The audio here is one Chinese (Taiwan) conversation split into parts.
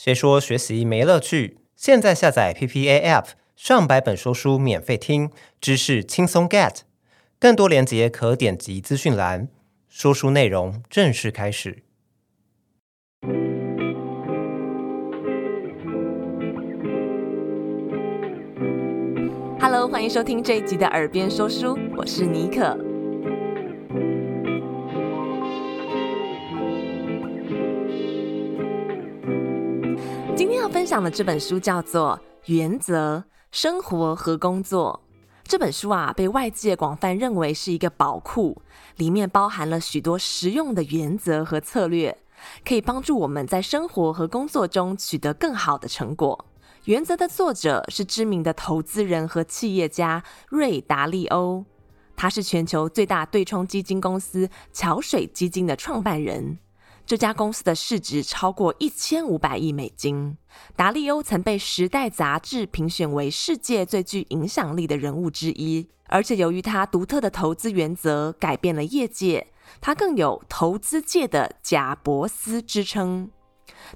誰說學習沒樂趣？現在下載 PPA App，上百本說書免費聽，知識輕鬆 get。更多鏈接可點擊資訊欄。說書內容正式開始。Hello，歡迎收聽這一集的《耳邊說書》，我是尼可。分享的這本書叫做《原則：生活和工作》。這本書啊，被外界廣泛認為是一個寶庫，裡面包含了許多實用的原則和策略，可以幫助我們在生活和工作中取得更好的成果。《原則》的作者是知名的投資人和企業家瑞達利歐，他是全球最大對沖基金公司橋水基金的創辦人。這家公司的市值超過一千五百億美金。達利歐曾被《時代》雜誌評選為世界最具影響力的人物之一，而且由於他獨特的投資原則改變了業界，他更有“投資界的賈伯斯”之稱。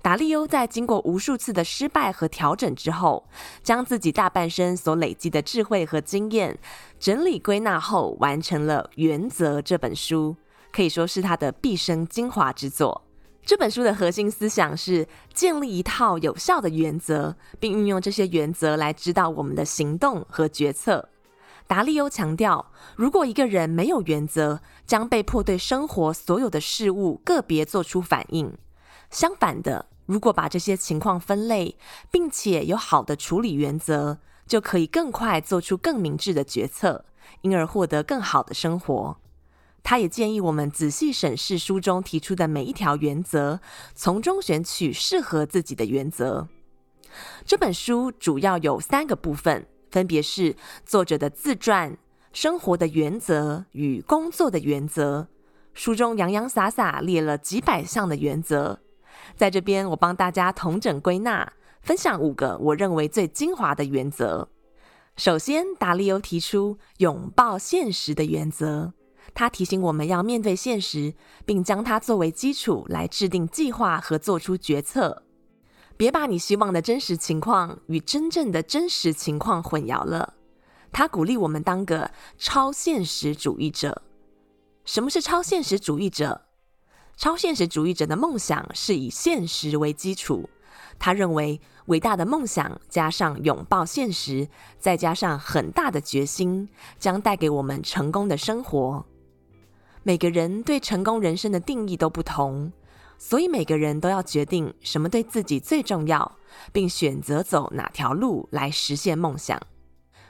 達利歐在經過無數次的失敗和調整之後，將自己大半生所累積的智慧和經驗整理歸納後，完成了《原則》這本書。可以說是他的畢生精華之作。這本書的核心思想是建立一套有效的原則，並運用這些原則來指導我們的行動和決策。達利歐強調，如果一個人沒有原則，將被迫對生活所有的事物個別做出反應。相反的，如果把這些情況分類，並且有好的處理原則，就可以更快做出更明智的決策，因而獲得更好的生活。他也建議我們仔細審視書中提出的每一條原則，從中選取適合自己的原則。這本書主要有三個部分，分別是作者的自傳、生活的原則與工作的原則。書中洋洋灑灑列了幾百項的原則，在這邊我幫大家統整歸納，分享五個我認為最精華的原則。首先，達利歐提出擁抱現實的原則。他提醒我們要面對現實，並將它作為基礎來制定計劃和做出決策。別把你希望的真實情況與真正的真實情況混淆了。他鼓勵我們當個超現實主義者。什麼是超現實主義者？超現實主義者的夢想是以現實為基礎。他認為，偉大的夢想加上擁抱現實，再加上很大的決心，將帶給我們成功的生活。每個人對成功人生的定義都不同，所以每個人都要決定什麼對自己最重要，並選擇走哪條路來實現夢想。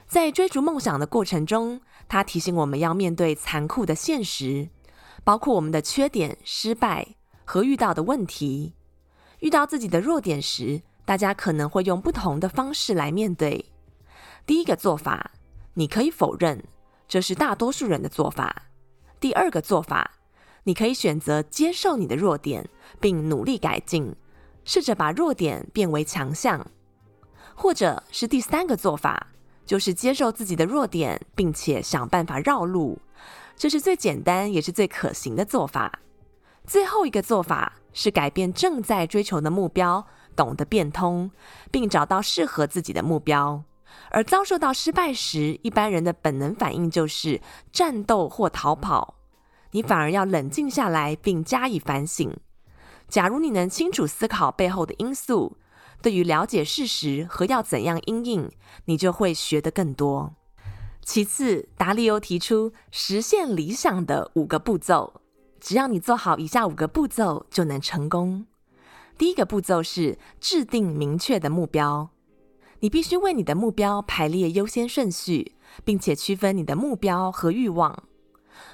在追逐夢想的過程中，他提醒我們要面對殘酷的現實，包括我們的缺點、失敗和遇到的問題。遇到自己的弱點時，大家可能會用不同的方式來面對。第一個做法，你可以否認，這是大多數人的做法。第二個做法，你可以選擇接受你的弱點，並努力改進，試着把弱點變為強項；或者是第三個做法，就是接受自己的弱點，並且想辦法繞路，這是最簡單也是最可行的做法。最後一個做法是改變正在追求的目標，懂得變通，並找到適合自己的目標。而遭受到失敗時，一般人的本能反應就是戰鬥或逃跑，你反而要冷靜下來並加以反省。假如你能清楚思考背後的因素，對於了解事實和要怎樣因應，你就會學得更多。其次，達利歐提出實現理想的五個步驟，只要你做好以下五個步驟，就能成功。第一個步驟是製定明確的目標。你必須為你的目標排列優先順序，並且區分你的目標和欲望。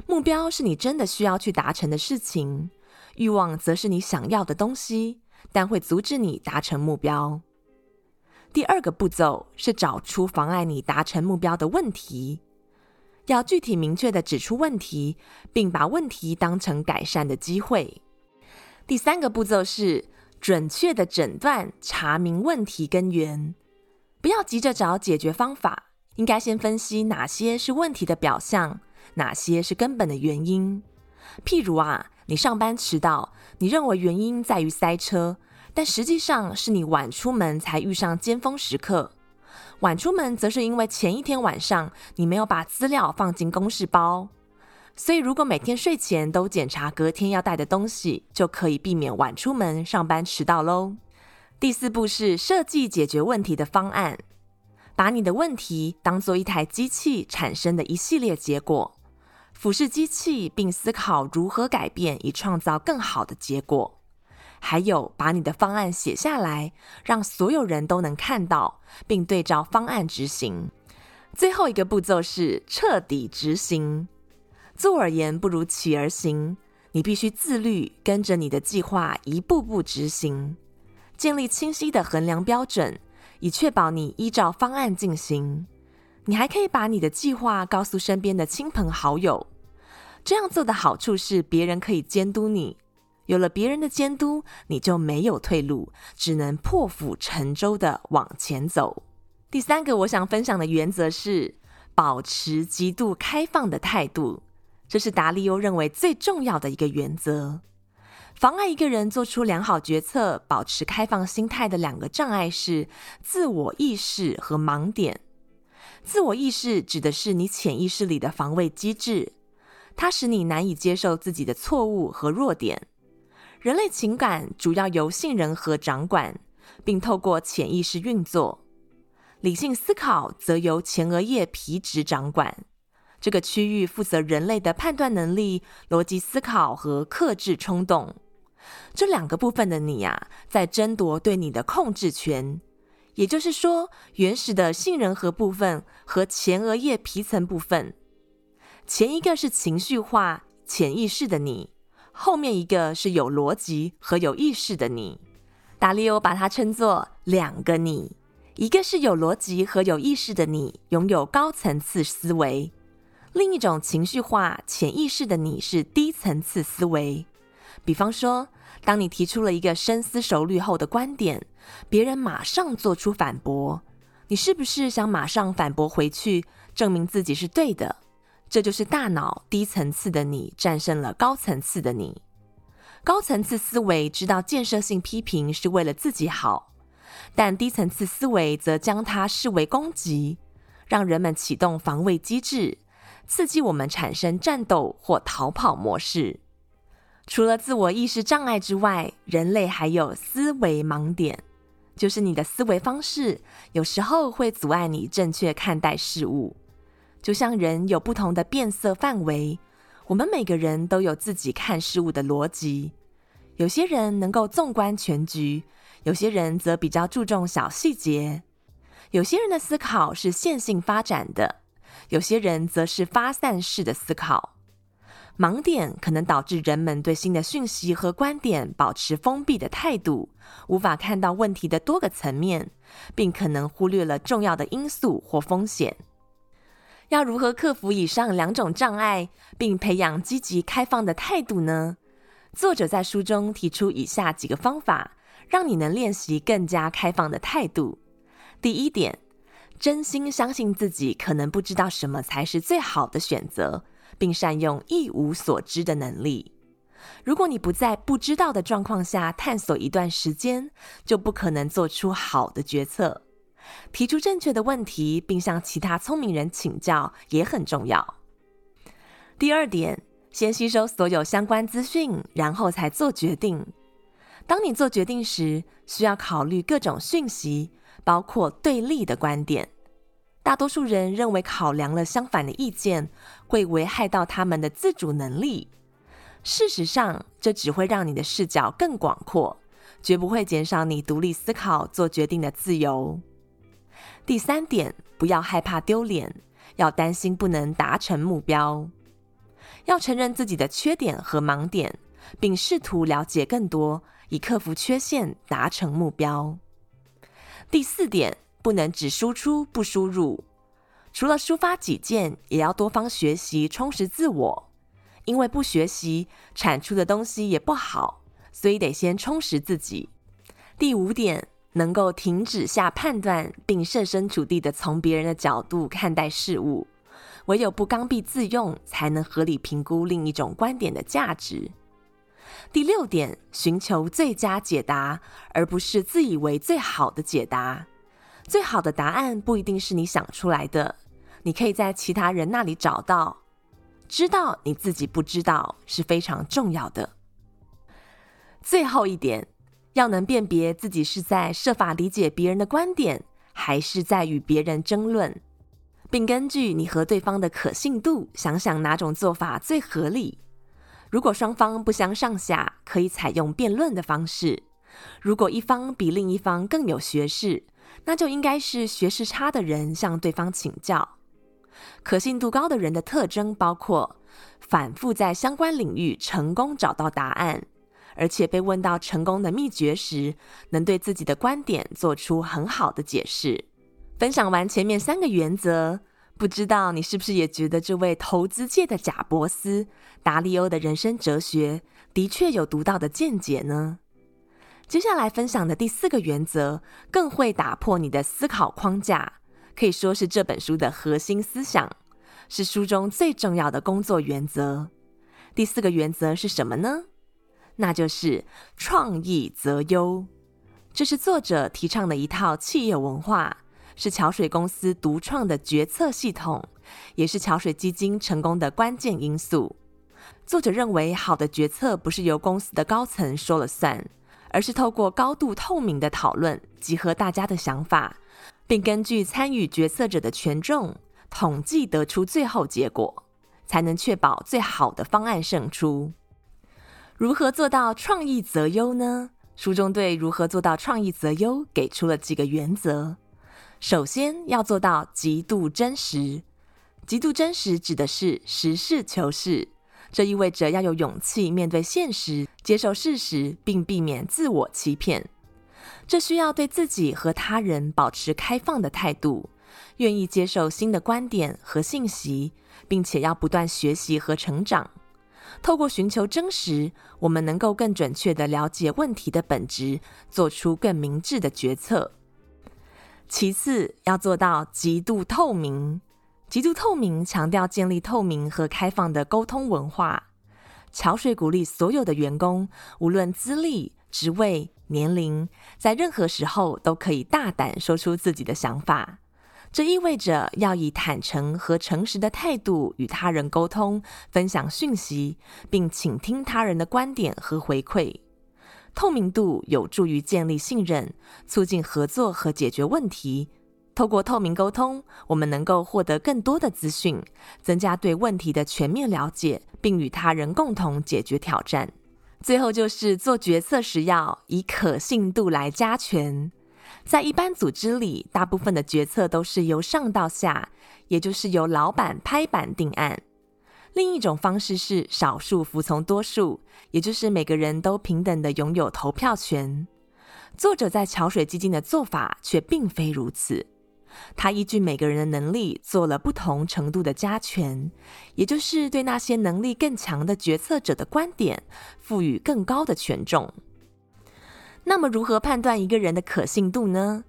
目標是你真的需要去達成的事情，欲望則是你想要的東西，但會阻止你達成目標。第二個步驟是找出妨礙你達成目標的問題，要具體明確地指出問題，並把問題當成改善的機會。第三個步驟是準確地診斷，查明問題根源。不要急着找解決方法，應該先分析哪些是問題的表象，哪些是根本的原因。譬如啊，你上班遲到，你認為原因在於塞車，但實際上是你晚出門才遇上尖峰時刻。晚出門則是因為前一天晚上你沒有把資料放進公事包。所以，如果每天睡前都檢查隔天要帶的東西，就可以避免晚出門、上班遲到嘍。第四步是設計解決問題的方案，把你的問題當做一台機器產生的一系列結果，俯視機器並思考如何改變以創造更好的結果。還有，把你的方案寫下來，讓所有人都能看到，並對照方案執行。最後一個步驟是徹底執行。坐而言不如起而行，你必須自律，跟着你的計劃一步步執行。建立清晰的衡量標準，以確保你依照方案進行。你還可以把你的計劃告訴身邊的親朋好友，這樣做的好處是別人可以監督你。有了別人的監督，你就沒有退路，只能破釜沉舟地往前走。第三個我想分享的原則是保持極度開放的態度，這是達利歐認為最重要的一個原則。妨礙一個人做出良好決策、保持開放心態的兩個障礙是自我意識和盲點。自我意識指的是你潛意識裡的防衛機制，它使你難以接受自己的錯誤和弱點。人類情感主要由杏仁核掌管，並透過潛意識運作；理性思考則由前額葉皮質掌管，這個區域負責人類的判斷能力、邏輯思考和克制衝動。這兩個部分的你啊，在爭奪對你的控制權。也就是說，原始的杏仁核部分和前額葉皮層部分，前一個是情緒化、潛意識的你，後面一個是有邏輯和有意識的你。達利歐把它稱作兩個你：一個是有邏輯和有意識的你，擁有高層次思維；另一種情緒化、潛意識的你是低層次思維。比方說。當你提出了一個深思熟慮後的觀點，別人馬上做出反駁，你是不是想馬上反駁回去，證明自己是對的？這就是大腦低層次的你戰勝了高層次的你。高層次思維知道建設性批評是為了自己好，但低層次思維則將它視為攻擊，讓人們啟動防衛機制，刺激我們產生戰鬥或逃跑模式。除了自我意識障礙之外，人類還有思維盲點，就是你的思維方式有時候會阻礙你正確看待事物。就像人有不同的辨色範圍，我們每個人都有自己看事物的邏輯。有些人能夠縱觀全局，有些人則比較注重小細節。有些人的思考是線性發展的，有些人則是發散式的思考。盲點可能導致人們對新的訊息和觀點保持封閉的態度，無法看到問題的多個層面，並可能忽略了重要的因素或風險。要如何克服以上兩種障礙，並培養積極開放的態度呢？作者在書中提出以下幾個方法，讓你能練習更加開放的態度。第一點，真心相信自己可能不知道什麼才是最好的選擇。並善用一無所知的能力。如果你不在不知道的狀況下探索一段時間，就不可能做出好的決策。提出正確的問題，並向其他聰明人請教也很重要。第二點，先吸收所有相關資訊，然後才做決定。當你做決定時，需要考慮各種訊息，包括對立的觀點。大多數人認為，考量了相反的意見會危害到他們的自主能力。事實上，這只會讓你的視角更廣闊，絕不會減少你獨立思考、做決定的自由。第三點，不要害怕丟臉，要擔心不能達成目標。要承認自己的缺點和盲點，並試圖了解更多，以克服缺陷，達成目標。第四點。不能只輸出不輸入，除了抒發己見，也要多方學習，充實自我。因為不學習產出的東西也不好，所以得先充實自己。第五點，能夠停止下判斷，並設身處地的從別人的角度看待事物。唯有不剛愎自用，才能合理評估另一種觀點的價值。第六點，尋求最佳解答，而不是自以為最好的解答。最好的答案不一定是你想出來的，你可以在其他人那裡找到。知道你自己不知道是非常重要的。最後一點，要能辨別自己是在設法理解別人的觀點，還是在與別人爭論，並根據你和對方的可信度，想想哪種做法最合理。如果雙方不相上下，可以採用辯論的方式；如果一方比另一方更有學識，那就應該是學識差的人向對方請教。可信度高的人的特徵包括：反覆在相關領域成功找到答案，而且被問到成功的秘訣時，能對自己的觀點做出很好的解釋。分享完前面三個原則，不知道你是不是也覺得這位投資界的“賈伯斯”，達利歐的人生哲學，的確有獨到的見解呢？接下來分享的第四個原則，更會打破你的思考框架，可以說是這本書的核心思想，是書中最重要的工作原則。第四個原則是什麼呢？那就是創意擇優。這是作者提倡的一套企業文化，是橋水公司獨創的決策系統，也是橋水基金成功的關鍵因素。作者認為，好的決策不是由公司的高層說了算。而是透過高度透明的討論，集合大家的想法，並根據參與決策者的權重統計得出最後結果，才能確保最好的方案勝出。如何做到創意擇優呢？書中對如何做到創意擇優給出了幾個原則：首先，要做到極度真實。極度真實指的是實事求是。這意味着要有勇氣面對現實，接受事實，並避免自我欺騙。這需要對自己和他人保持開放的態度，願意接受新的觀點和信息，並且要不斷學習和成長。透過尋求真實，我們能夠更準確地了解問題的本質，做出更明智的決策。其次，要做到極度透明。極度透明強調建立透明和開放的溝通文化。橋水鼓勵所有的員工，無論資歷、職位、年齡，在任何時候都可以大膽說出自己的想法。這意味着要以坦誠和誠實的態度與他人溝通，分享訊息，並傾聽他人的觀點和回饋。透明度有助於建立信任，促進合作和解決問題。透過透明溝通，我們能夠獲得更多的資訊，增加對問題的全面了解，並與他人共同解決挑戰。最後就是做決策時要以可信度來加權。在一般組織裡，大部分的決策都是由上到下，也就是由老闆拍板定案。另一種方式是少數服從多數，也就是每個人都平等的擁有投票權。作者在橋水基金的做法卻並非如此。他依據每個人的能力做了不同程度的加權，也就是對那些能力更強的決策者的觀點賦予更高的權重。那麼，如何判斷一個人的可信度呢？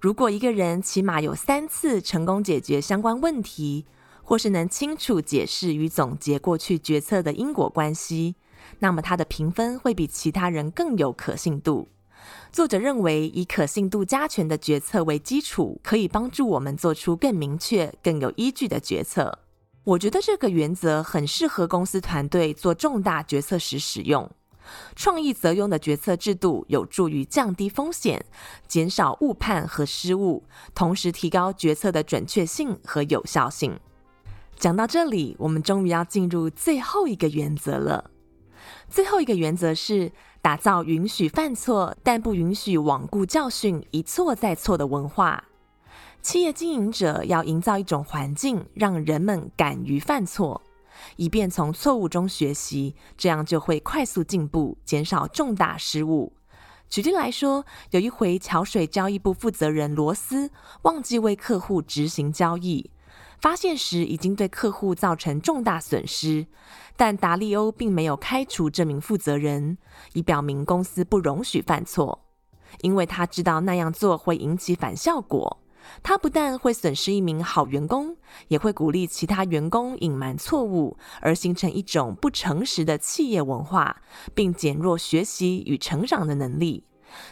如果一個人起碼有三次成功解決相關問題，或是能清楚解釋與總結過去決策的因果關係，那麼他的評分會比其他人更有可信度。作者認為，以可信度加權的決策為基礎，可以幫助我們做出更明確、更有依據的決策。我覺得這個原則很適合公司團隊做重大決策時使用。創意擇優的決策制度有助於降低風險，減少誤判和失誤，同時提高決策的準確性和有效性。講到這裡，我們終於要進入最後一個原則了。最後一個原則是。打造允許犯錯，但不允許罔顧教訓、一錯再錯的文化。企業經營者要營造一種環境，讓人們敢於犯錯，以便從錯誤中學習，這樣就會快速進步，減少重大失誤。舉例來說，有一回，橋水交易部負責人羅斯忘記為客戶執行交易，發現時已經對客戶造成重大損失。但達利歐並沒有開除這名負責人，以表明公司不容許犯錯，因為他知道那樣做會引起反效果。他不但會損失一名好員工，也會鼓勵其他員工隱瞞錯誤，而形成一種不誠實的企業文化，並減弱學習與成長的能力。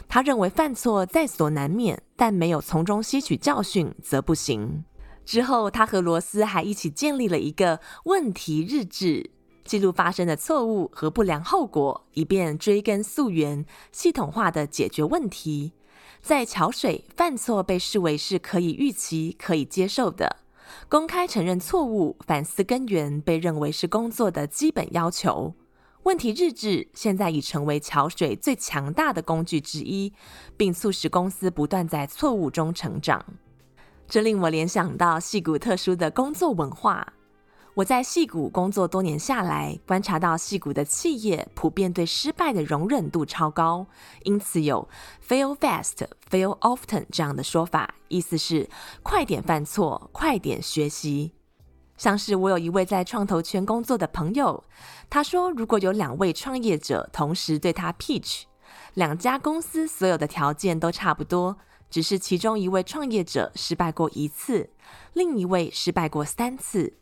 他認為犯錯在所難免，但沒有從中吸取教訓則不行。之後，他和羅斯還一起建立了一個問題日誌。記錄發生的錯誤和不良後果，以便追根溯源，系統化的解決問題。在橋水，犯錯被視為是可以預期、可以接受的；公開承認錯誤，反思根源被認為是工作的基本要求。問題日誌現在已成為橋水最強大的工具之一，並促使公司不斷在錯誤中成長。這令我聯想到矽谷特殊的工作文化。我在矽谷工作多年下來，觀察到矽谷的企業普遍對失敗的容忍度超高，因此有 “fail fast, fail often” 這樣的說法，意思是快點犯錯，快點學習。像是我有一位在創投圈工作的朋友，他說，如果有兩位創業者同時對他 pitch，兩家公司所有的條件都差不多，只是其中一位創業者失敗過一次，另一位失敗過三次。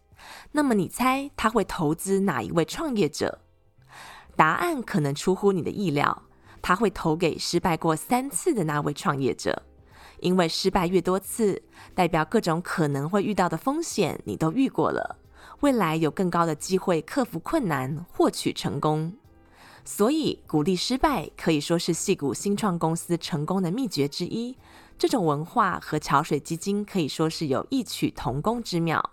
那麼你猜他會投資哪一位創業者？答案可能出乎你的意料，他會投給失敗過三次的那位創業者，因為失敗越多次，代表各種可能會遇到的風險你都遇過了，未來有更高的機會克服困難，獲取成功。所以鼓勵失敗可以說是矽谷新創公司成功的秘訣之一。這種文化和橋水基金可以說是有異曲同工之妙。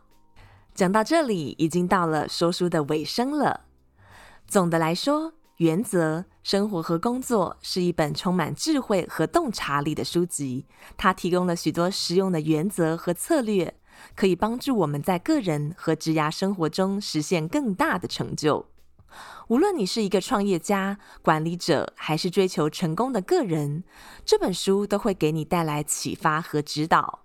講到這裡，已經到了說書的尾聲了。總的來說，《原則：生活和工作》是一本充滿智慧和洞察力的書籍，它提供了許多實用的原則和策略，可以幫助我們在個人和職業生活中實現更大的成就。無論你是一個創業家、管理者，還是追求成功的個人，這本書都會給你帶來啟發和指導。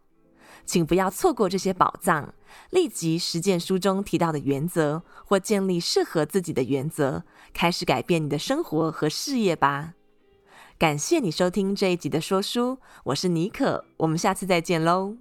請不要錯過這些寶藏，立即實踐書中提到的原則，或建立適合自己的原則，開始改變你的生活和事業吧。感謝你收聽這一集的說書，我是尼可，我們下次再見嘍。